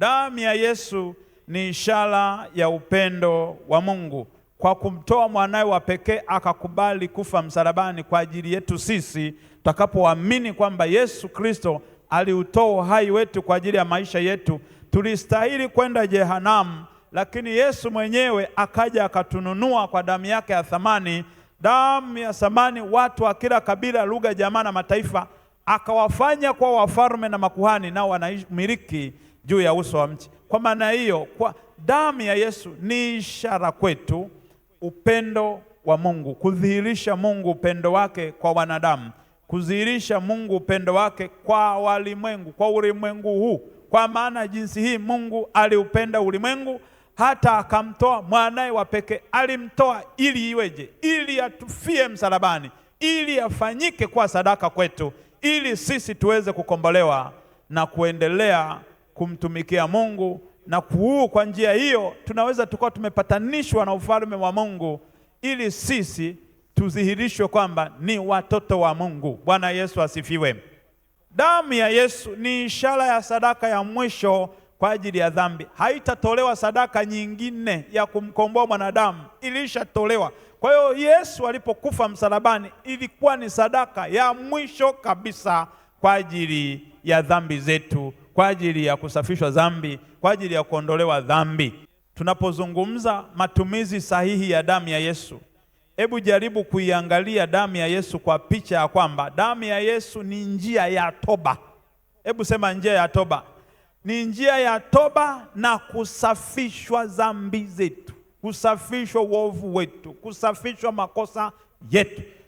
Damu ya Yesu ni ishara ya upendo wa Mungu kwa kumtoa mwanawe wa pekee akakubali kufa msalabani kwa ajili yetu sisi. Tutakapoamini kwamba Yesu Kristo aliutoa uhai wetu kwa ajili ya maisha yetu, tulistahili kwenda jehanamu, lakini Yesu mwenyewe akaja akatununua kwa damu yake ya thamani, damu ya thamani, watu wa kila kabila, lugha, jamaa na mataifa, akawafanya kwa wafalme na makuhani, nao wanamiliki juu ya uso wa mchi. Kwa maana hiyo, kwa damu ya Yesu ni ishara kwetu upendo wa Mungu, kudhihirisha Mungu upendo wake kwa wanadamu, kudhihirisha Mungu upendo wake kwa walimwengu, kwa ulimwengu huu. Kwa maana jinsi hii Mungu aliupenda ulimwengu hata akamtoa mwanaye wa pekee. Alimtoa ili iweje? Ili atufie msalabani, ili afanyike kuwa sadaka kwetu, ili sisi tuweze kukombolewa na kuendelea kumtumikia Mungu, na kuu kwa njia hiyo tunaweza tukawa tumepatanishwa na ufalme wa Mungu ili sisi tudhihirishwe kwamba ni watoto wa Mungu. Bwana Yesu asifiwe. Damu ya Yesu ni ishara ya sadaka ya mwisho kwa ajili ya dhambi. Haitatolewa sadaka nyingine ya kumkomboa mwanadamu, ilishatolewa. Kwa hiyo Yesu alipokufa msalabani, ilikuwa ni sadaka ya mwisho kabisa kwa ajili ya dhambi zetu kwa ajili ya kusafishwa dhambi, kwa ajili ya kuondolewa dhambi. Tunapozungumza matumizi sahihi ya damu ya Yesu, hebu jaribu kuiangalia damu ya Yesu kwa picha ya kwamba damu ya Yesu ni njia ya toba. Hebu sema njia ya toba, ni njia ya toba na kusafishwa dhambi zetu, kusafishwa uovu wetu, kusafishwa makosa yetu.